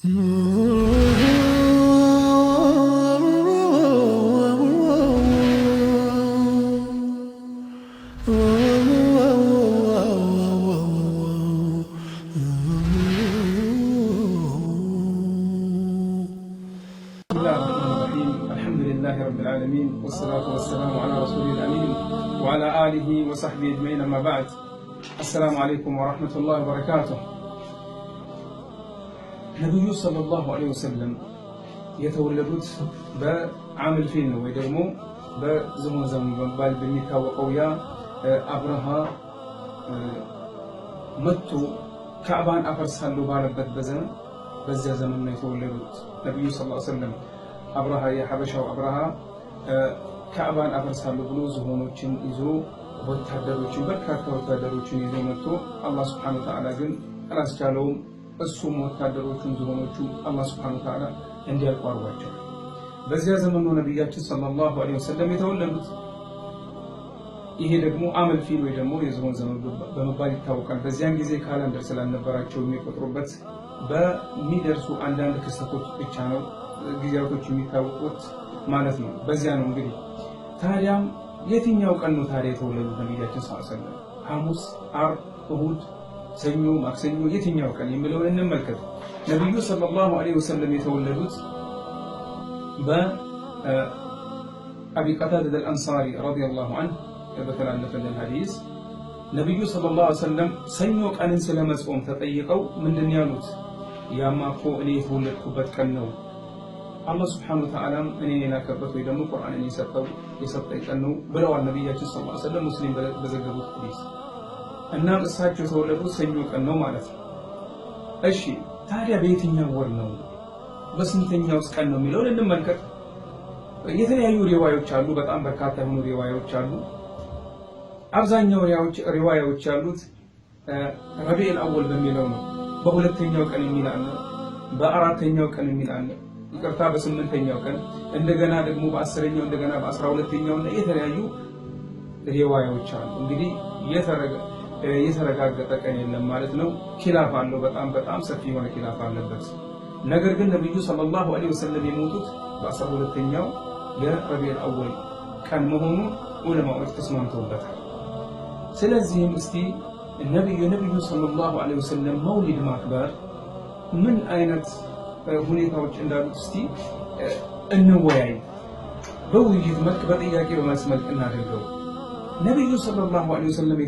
لله رب العالمين والصلاة والسلام على رسول الأمين وعلى آله وصحبه أجمعين أما بعد السلام عليكم ورحمة الله وبركاته ነቢዩ ሰለላሁ ዐለይሂ ወሰለም የተወለዱት በዓምል ፊል ነው ወይ ደግሞ በዝሆን ዘመን በመባል በሚታወቀው ያ አብረሃ መጥቶ ካዕባን አፈርሳለሁ ባለበት በዘመን በዚያ ዘመን ነው የተወለዱት ነቢዩ ሰለላሁ ዐለይሂ ወሰለም። አብረሃ የሐበሻው አብረሃ ካዕባን አፈርሳለሁ ብሎ ዝሆኖችን ይዞ ወታደሮችን በርካታ ወታደሮችን ይዞ መጥቶ አላህ ስብሐነሁ ወተዓላ ግን አላስቻለውም። እሱም ወታደሮቹን ዝሆኖቹ አላህ ስብሐነ ወተዓላ እንዲያልቁ አድርጓቸዋል። በዚያ ዘመኑ ነቢያችን ሰለላሁ ዐለይሂ ወሰለም የተወለዱት። ይሄ ደግሞ አመል ፊል ወይ ደግሞ የዝሆን ዘመን በመባል ይታወቃል። በዚያን ጊዜ ካላንደር ስላልነበራቸው የሚቆጥሩበት በሚደርሱ አንዳንድ ክስተቶች ብቻ ነው ጊዜያቶች የሚታወቁት ማለት ነው። በዚያ ነው እንግዲህ ታዲያም የትኛው ቀን ነው ታዲያ የተወለዱት ነቢያችን ሰለላሁ ዐለይሂ ወሰለም? ሐሙስ፣ ዓርብ፣ እሁድ ሰኞ፣ ማክሰኞ፣ የትኛው ቀን የሚለውን እንመልከት። ነቢዩ ሰለላሁ ዐለይሂ ወሰለም የተወለዱት በአቢ ቀታደተ አልአንሳሪ ረዲየላሁ ዐንሁ በተላለፈልን ሐዲስ ነቢዩ ሰለላሁ ዐለይሂ ወሰለም ሰኞ ቀንን ስለ መጾም ተጠይቀው ምንድን ያሉት? ያማ እኮ እኔ የተወለድኩበት ቀን ነው። አላህ ስብሓነሁ ወተዓላም እኔን የላከበት ወይ ደግሞ ቁርአንን የሰጠኝ ቀን ነው ብለዋል ነቢያችን ሰለላሁ ዐለይሂ ወሰለም ሙስሊም በዘገቡት ሐዲስ እናም እሳቸው የተወለዱት ሰኞ ቀን ነው ማለት ነው። እሺ ታዲያ በየትኛው ወር ነው? በስንተኛውስ ቀን ነው የሚለውን እንመልከት። የተለያዩ ሪዋዮች አሉ። በጣም በርካታ የሆኑ ሪዋዮች አሉ። አብዛኛው ሪዋዮች ያሉት ረቢኤል አወል በሚለው ነው። በሁለተኛው ቀን የሚል አለ፣ በአራተኛው ቀን የሚል አለ፣ ይቅርታ በስምንተኛው ቀን እንደገና ደግሞ በአስረኛው እንደገና በአስራ ሁለተኛው እና የተለያዩ ሪዋዮች አሉ እንግዲህ የተረጋ የተረጋገጠ ቀን የለም ማለት ነው። ኪላፍ አለው። በጣም በጣም ሰፊ የሆነ ኪላፍ አለበት። ነገር ግን ነቢዩ ሰለላሁ ዐለይሂ ወሰለም የሞቱት በአስራ ሁለተኛው የረቢዑል አወል ቀን መሆኑ ዑለማዎች ተስማምተውበታል። ስለዚህም እስቲ ነቢዩ ነቢዩ ሰለላሁ ዐለይሂ ወሰለም መውሊድ ማክበር ምን አይነት ሁኔታዎች እንዳሉት እስቲ እንወያይ። በውይይት መልክ በጥያቄ በመስመልክ እናደርገው። ነቢዩ ሰለላሁ ዐለይሂ ወሰለም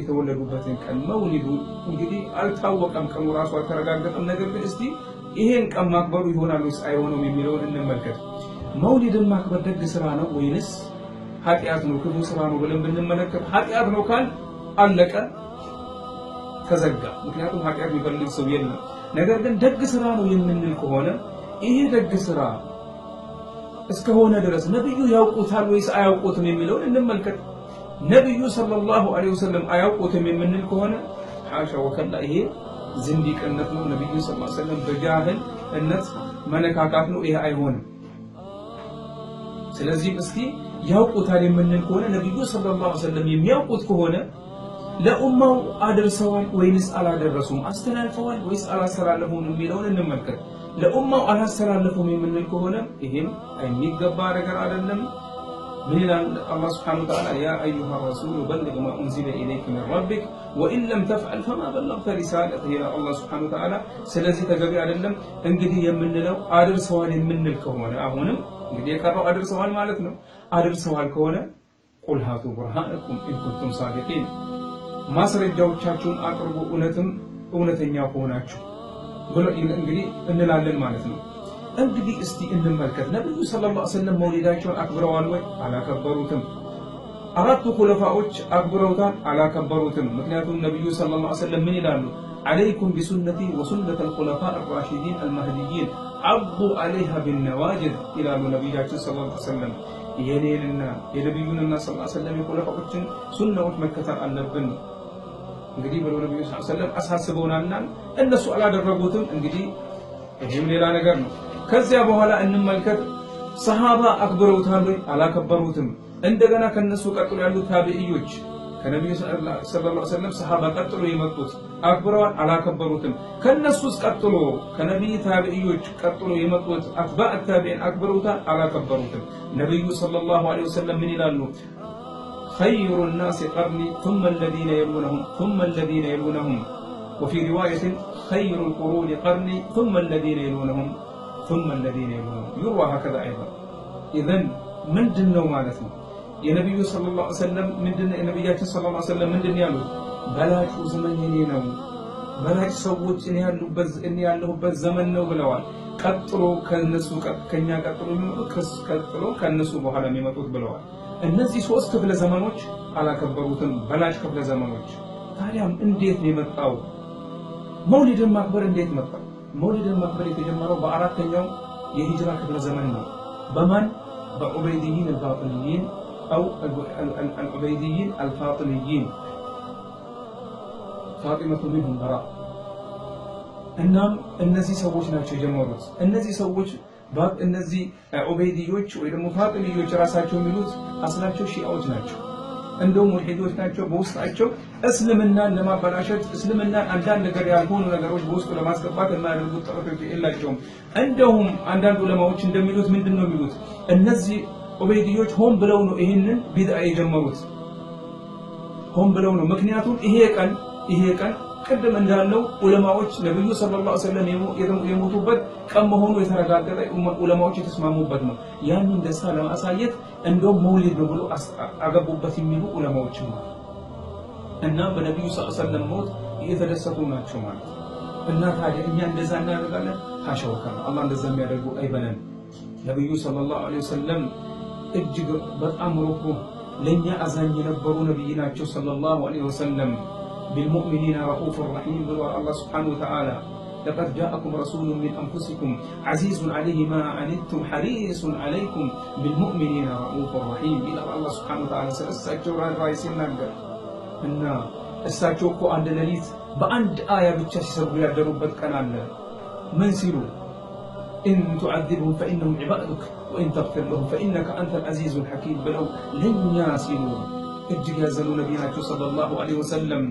የተወለዱበትን ቀን መውሊዱ እንግዲህ አልታወቀም፣ ቀኑ ራሱ አልተረጋገጠም። ነገር ግን እስቲ ይሄን ቀን ማክበሩ ይሆናል ወይስ አይሆነውም የሚለውን እንመልከት። መውሊድን ማክበር ደግ ስራ ነው ወይንስ ኃጢአት ነው ክፉ ስራ ነው ብለን ብንመለከት ኃጢአት ነው ካል አለቀ፣ ተዘጋ። ምክንያቱም ኃጢአት የሚፈልግ ሰው የለም። ነገር ግን ደግ ስራ ነው የምንል ከሆነ ይሄ ደግ ስራ እስከሆነ ድረስ ነቢዩ ያውቁታል ወይስ አያውቁትም የሚለውን እንመልከት። ነቢዩ ሰለላሁ ዐለይሂ ወሰለም አያውቁትም የምንል ከሆነ ሐሻ ወከላ ይሄ ዝንዲቅነት ነው። ነቢዩ ሰለላሁ ዐለይሂ ወሰለም በጃህልነት መነካካት ነው። ይሄ አይሆንም። ስለዚህም እስቲ ያውቁታል የምንል ከሆነ ነቢዩ ሰለላሁ ሰለም የሚያውቁት ከሆነ ለኡማው አድርሰዋል ወይንስ አላደረሱም? አስተላልፈዋል ወይስ አላስተላለፉም የሚለውን እንመልከት። ለኡማው አላስተላለፉም የምንል ከሆነ ይህም የሚገባ ነገር አይደለም። لنا الله سبحانه وتعالى يا أيها الرسول بلغ ما أنزل إليك من ربك وإن لم تفعل فما بلغت رسالته إلى الله سبحانه وتعالى سلسي تقبي على اللم انقذي يمن له أدر سوال من الكون أهون انقذي يكرر أدر سوال مالتنا أدر سوال كون قل هاتوا برهانكم إن كنتم صادقين ما سرد جو تشاتشون أقرب أونتم أونتين يا أخوناتشو قلوا إن انقذي إن لا للمالتنا እንግዲህ እስቲ እንመልከት ነብዩ ሰለላሁ ዐለይሂ ወሰለም መውሊዳቸውን አክብረዋል ወይ? አላከበሩትም። አራቱ ኩለፋዎች አክብረውታል? አላከበሩትም። ምክንያቱም ነብዩ ሰለላሁ ዐለይሂ ወሰለም ምን ይላሉ? አለይኩም ቢሱነቲ ወሱነት አልኹለፋ አራሺዲን አልማህዲይን አቡ አለይሃ ቢነዋጅድ ይላሉ ነቢያችን ሰለላሁ ዐለይሂ ወሰለም። የኔንና የነቢዩንና ሰለላሁ ዐለይሂ ወሰለም የኹለፋዎችን ሱናዎች መከተል አለብን እንግዲህ ብለው ነብዩ ሰለላሁ ዐለይሂ ወሰለም አሳስበውናልና እነሱ አላደረጉትም። እንግዲህ ይህም ሌላ ነገር ነው። كذا بهلا إن الملك صحابة اكبر ثالو على كبروا ثم عندنا كان نسوق أكل عنده ثابي أيوج كان النبي صلى الله عليه وسلم صحابة كتلوا يمتوس اكبر على كبروا ثم كان نسوس كتلوا كان النبي ثابي أيوج كتلوا يمتوس أتباع الثابين أكبروا على كبروا ثم النبي صلى الله عليه وسلم من إلى خير الناس قرني ثم الذين يلونهم ثم الذين يلونهم وفي رواية خير القرون قرني ثم الذين يلونهم ثم الذين يلونهم يروى هكذا أيضا إذن ምንድን ነው ማለት ነው የነቢዩ ሰለላሁ ዐለይሂ ወሰለም ምንድን ነው የነቢያችን ሰለላሁ ዐለይሂ ወሰለም ምንድን ያሉት በላጩ ዘመን የኔ ነው በላጭ ሰዎች እኔ ያሉበት እኔ ያለሁበት ዘመን ነው ብለዋል ቀጥሎ ከነሱ ከኛ ቀጥሎ የሚመጡት ቀጥሎ ከነሱ በኋላ የሚመጡት ብለዋል እነዚህ ሶስት ክፍለ ዘመኖች አላከበሩትም በላጭ ክፍለ ዘመኖች ታዲያም እንዴት ነው የመጣው መውሊድን ማክበር እንዴት መጣው مولد المقبل يتجمر بعرات تنيوم يهجر قبل زمننا بمن بعبيديين الفاطليين أو العبيديين الفاطليين فاطمة منهم براء إنهم النزي سووش نفسه جمروس النزي سووش بعد النزي عبيديوش وإذا مفاطليوش راساتشو ملوز أصلاحشو شيء أوج نفسه እንደው ሙልሂዶች ናቸው። በውስጣቸው እስልምናን ለማበላሸት እስልምናን አንዳንድ ነገር ያልሆኑ ነገሮች በውስጡ ለማስገባት የማያደርጉት ጥረቶች የላቸውም። እንደውም አንዳንድ ዑለማዎች እንደሚሉት ምንድን ነው የሚሉት እነዚህ ኦቤድዮች ሆን ብለው ነው ይህንን ቢድአ የጀመሩት ሆን ብለው ነው። ምክንያቱም ይሄ ቀን ይሄ ቀን ቅድም እንዳለው ዑለማዎች ነብዩ ሰለላሁ ዐለይሂ ወሰለም የሞቱበት ቀን መሆኑ የተረጋገጠ ዑለማዎች የተስማሙበት ነው። ያንን ደስታ ለማሳየት እንደውም መውሊድ ነው ብሎ አገቡበት የሚሉ ዑለማዎች ነው እና በነብዩ ሰለላሁ ዐለይሂ ወሰለም ሞት እየተደሰቱ ናቸው ማለት እና ታዲያ እኛ እንደዛ እናደርጋለን? ታሸወከ ነው አላህ እንደዛ የሚያደርጉ አይበለን። ነብዩ ሰለላሁ ዐለይሂ ወሰለም እጅግ በጣም ሩህሩህ ለእኛ አዛኝ የነበሩ ነብይ ናቸው ሰለላሁ ዐለይሂ ወሰለም بالمؤمنين رؤوف رحيم الله سبحانه وتعالى لقد جاءكم رسول من أنفسكم عزيز عليه ما عنتم حريص عليكم بالمؤمنين رؤوف رحيم إلى الله سبحانه وتعالى ስለእሳቸው ራይ ሲናገር እና إن እኮ عند ሌሊት በአንድ آية ብቻ ሲሰሩ ያደሩበት ቀን አለ ምን إن تعذبهم فإنهم عبادك وإن تغفر لهم فإنك أنت العزيز الحكيم بلو لن ياسلون እጅግ نبينا صلى الله عليه وسلم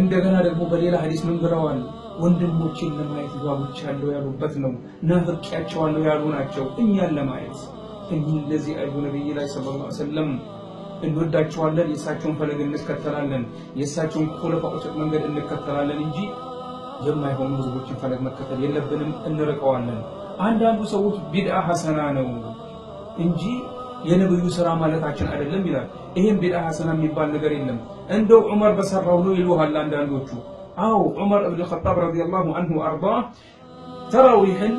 እንደገና ደግሞ በሌላ ሀዲስ ምን ብለዋል? ወንድሞችን ለማየት ጓጉቻለሁ ያሉበት ነው። ናፍቄያቸዋለሁ ያሉ ናቸው። እኛን ለማየት እኒህ እንደዚህ አዩ ነቢይ ላይ ሰለላሁ ዐለይሂ ወሰለም እንወዳቸዋለን። የእሳቸውን ፈለግ እንከተላለን፣ የእሳቸውን ኮለፋቆጨት መንገድ እንከተላለን እንጂ የማይሆኑ ህዝቦችን ፈለግ መከተል የለብንም፣ እንርቀዋለን። አንዳንዱ ሰዎች ቢድአ ሐሰና ነው እንጂ የነብዩ ስራ ማለታችን አይደለም ይላል። ይሄም ቢድዓ ሐሰና የሚባል ነገር የለም። እንደው ዑመር በሰራው ነው ይሉሃል አንዳንዶቹ። አዎ ዑመር እብን ኸጣብ ረዲየላሁ አንሁ አርዳ ተራዊሕን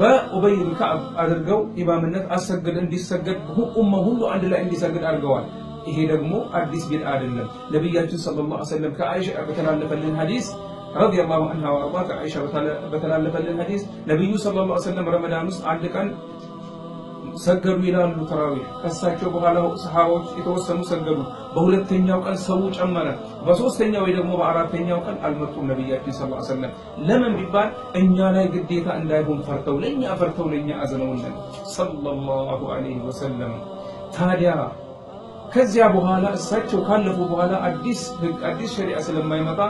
በኡበይ ብን ከዕብ አድርገው ኢማምነት አሰግድ እንዲሰገድ ኡማ ሁሉ አንድ ላይ እንዲሰግድ አድርገዋል። ይሄ ደግሞ አዲስ ቢድዓ አይደለም። ነቢያችን ሰለላሁ ዐለይሂ ወሰለም ከአይሻ በተላለፈልን ሐዲስ ረዲየላሁ ዐንሃ ወአርዳ ከአይሻ በተላለፈልን ሐዲስ ነቢዩ ሰለላሁ ዐለይሂ ወሰለም ረመዳን ውስጥ አንድ ቀን ሰገዱ ይላሉ። ተራዊህ ከሳቸው በኋላ ሰሃቦች የተወሰኑ ሰገዱ። በሁለተኛው ቀን ሰው ጨመረ። በሶስተኛው ወይ ደግሞ በአራተኛው ቀን አልመጡም ነቢያችን ሰለላሁ ዐለይሂ ወሰለም። ለምን ቢባል እኛ ላይ ግዴታ እንዳይሆን ፈርተው፣ ለኛ ፈርተው ለኛ አዝነውልን ሰለላሁ ዐለይሂ ወሰለም። ታዲያ ከዚያ በኋላ እሳቸው ካለፉ በኋላ አዲስ ህግ አዲስ ሸሪዓ ስለማይመጣ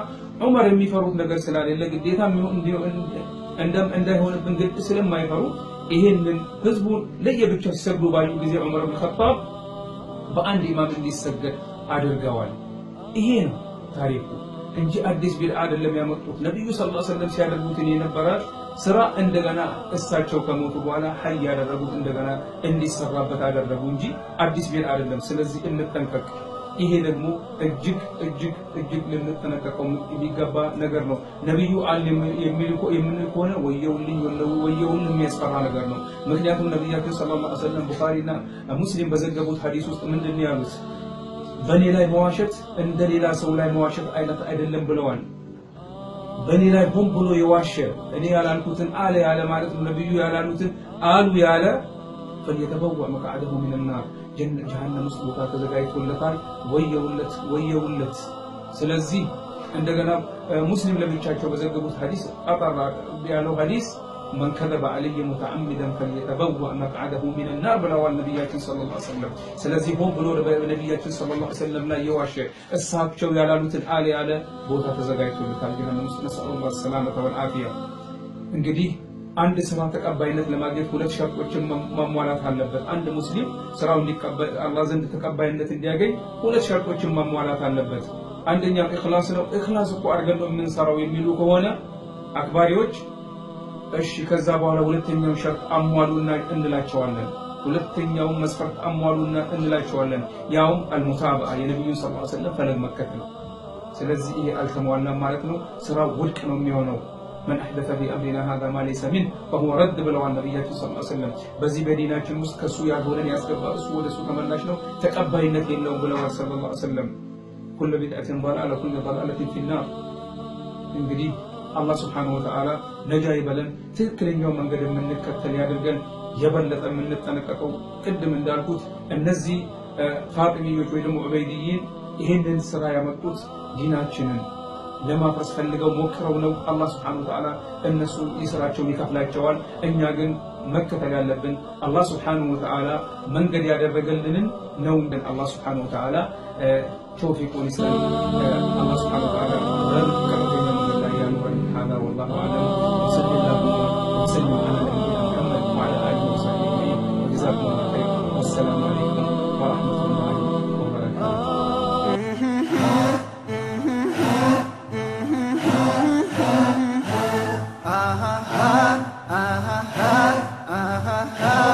ዑመር የሚፈሩት ነገር ስላሌለ ግዴታ እንዳይሆንብን ግድ ስለማይፈሩ ይህንን ህዝቡን ለየብቻው ሲሰግዱ ባዩ ጊዜ ዑመር ብን ኸጣብ በአንድ ኢማም እንዲሰገድ አድርገዋል። ይሄ ነው ታሪኩ እንጂ አዲስ ቢድዓ አይደለም ያመጡት። ነቢዩ ሰለላሁ ዐለይሂ ወሰለም ሲያደርጉትን የነበረ ስራ እንደገና እሳቸው ከሞቱ በኋላ ሀይ ያደረጉት እንደገና እንዲሰራበት አደረጉ እንጂ አዲስ ቢድዓ አይደለም። ስለዚህ እንጠንቀቅ። ይሄ ደግሞ እጅግ እጅግ እጅግ ልንጠነቀቀው የሚገባ ነገር ነው። ነቢዩ አል የሚል ከሆነ ወየውልኝ ወየውን የሚያስፈራ ነገር ነው። ምክንያቱም ነቢያችን ሰለላሁ ዐለይሂ ወሰለም ቡኻሪና ሙስሊም በዘገቡት ሀዲስ ውስጥ ምንድን ነው ያሉት? በእኔ ላይ መዋሸት እንደ ሌላ ሰው ላይ መዋሸት አይነት አይደለም ብለዋል። በእኔ ላይ ሆን ብሎ የዋሸ እኔ ያላልኩትን አለ ያለ ማለት ነው ነቢዩ ያላሉትን አሉ ያለ ፈልየተበወዕ መቅዓደሁ ሚንናር ጀሃነም ውስጥ ቦታ ተዘጋጅቶለታል። ወየውለት ወየውለት። ስለዚህ እንደገና ሙስሊም ለብቻቸው በዘገቡት ሐዲስ አጠራ ያለው ሐዲስ መን ከዘበ አለየ ሙተዓሚደን ፈልየተበወዕ መቅዓደሁ ሚንናር ብለዋል ነቢያችን ሰለላሁ ዐለይሂ ወሰለም። ስለዚህ ሆን ብሎ ነቢያችን ሰለላሁ ዐለይሂ ወሰለም ላይ የዋሸ እሳቸው ያላሉትን አለ ያለ ቦታ ተዘጋጅቶለታል ጀሃነም ውስጥ። ነስአሉላህ ሰላመተ ወልዓፊያ እንግዲህ አንድ ስራ ተቀባይነት ለማግኘት ሁለት ሸርጦችን ማሟላት አለበት። አንድ ሙስሊም ስራው እንዲቀበል አላህ ዘንድ ተቀባይነት እንዲያገኝ ሁለት ሸርጦችን ማሟላት አለበት። አንደኛው ኢኽላስ ነው። ኢኽላስ እኮ አድርገን ነው የምንሰራው የሚሉ ከሆነ አክባሪዎች እሺ፣ ከዛ በኋላ ሁለተኛው ሸርጥ አሟሉና እንላቸዋለን። ሁለተኛው መስፈርት አሟሉና እንላቸዋለን። ያውም አልሙታበአ የነብዩ ሰለላሁ ዐለይሂ ወሰለም ፈለግ መከተል። ስለዚህ ይሄ አልተሟላም ማለት ነው፣ ስራው ውድቅ ነው የሚሆነው። መን አሕደተ ፊ አምሪና ሃዛ ማ ለይሰ ሚን ፈሁወ ረድ ብለዋል ነቢያችን ሰለላሁ ዐለይሂ ወሰለም። በዚህ በዲናችን ውስጥ ከእሱ ያልሆነን ያስገባ እሱ ወደ እሱ ተመላሽ ነው፣ ተቀባይነት የለውም ብለዋል ሰለላሁ ዐለይሂ ወሰለም። ኩሉ ቢድዓትን ዳላላ ኩሉ ዳላለትን ፊናር። እንግዲህ አላህ ስብሓነሁ ወተዓላ ነጃ ይበለን፣ ትክክለኛው መንገድ የምንከተል ያድርገን። የበለጠ የምንጠነቀቀው ቅድም እንዳልኩት እነዚህ ፋጢሚዮች ወይ ደግሞ ዑበይድይን ይህንን ስራ ያመጡት ዲናችንን ለማፍረስ ፈልገው ሞክረው ነው። አላህ ስብሐነሁ ወተዓላ እነሱ የስራቸውን ይከፍላቸዋል። እኛ ግን መከተል ያለብን አላህ ስብሐነሁ ወተዓላ መንገድ ያደረገልንን ነው። አላህ ስብሐነሁ ወተዓላ ተውፊቁን ይስጠን። How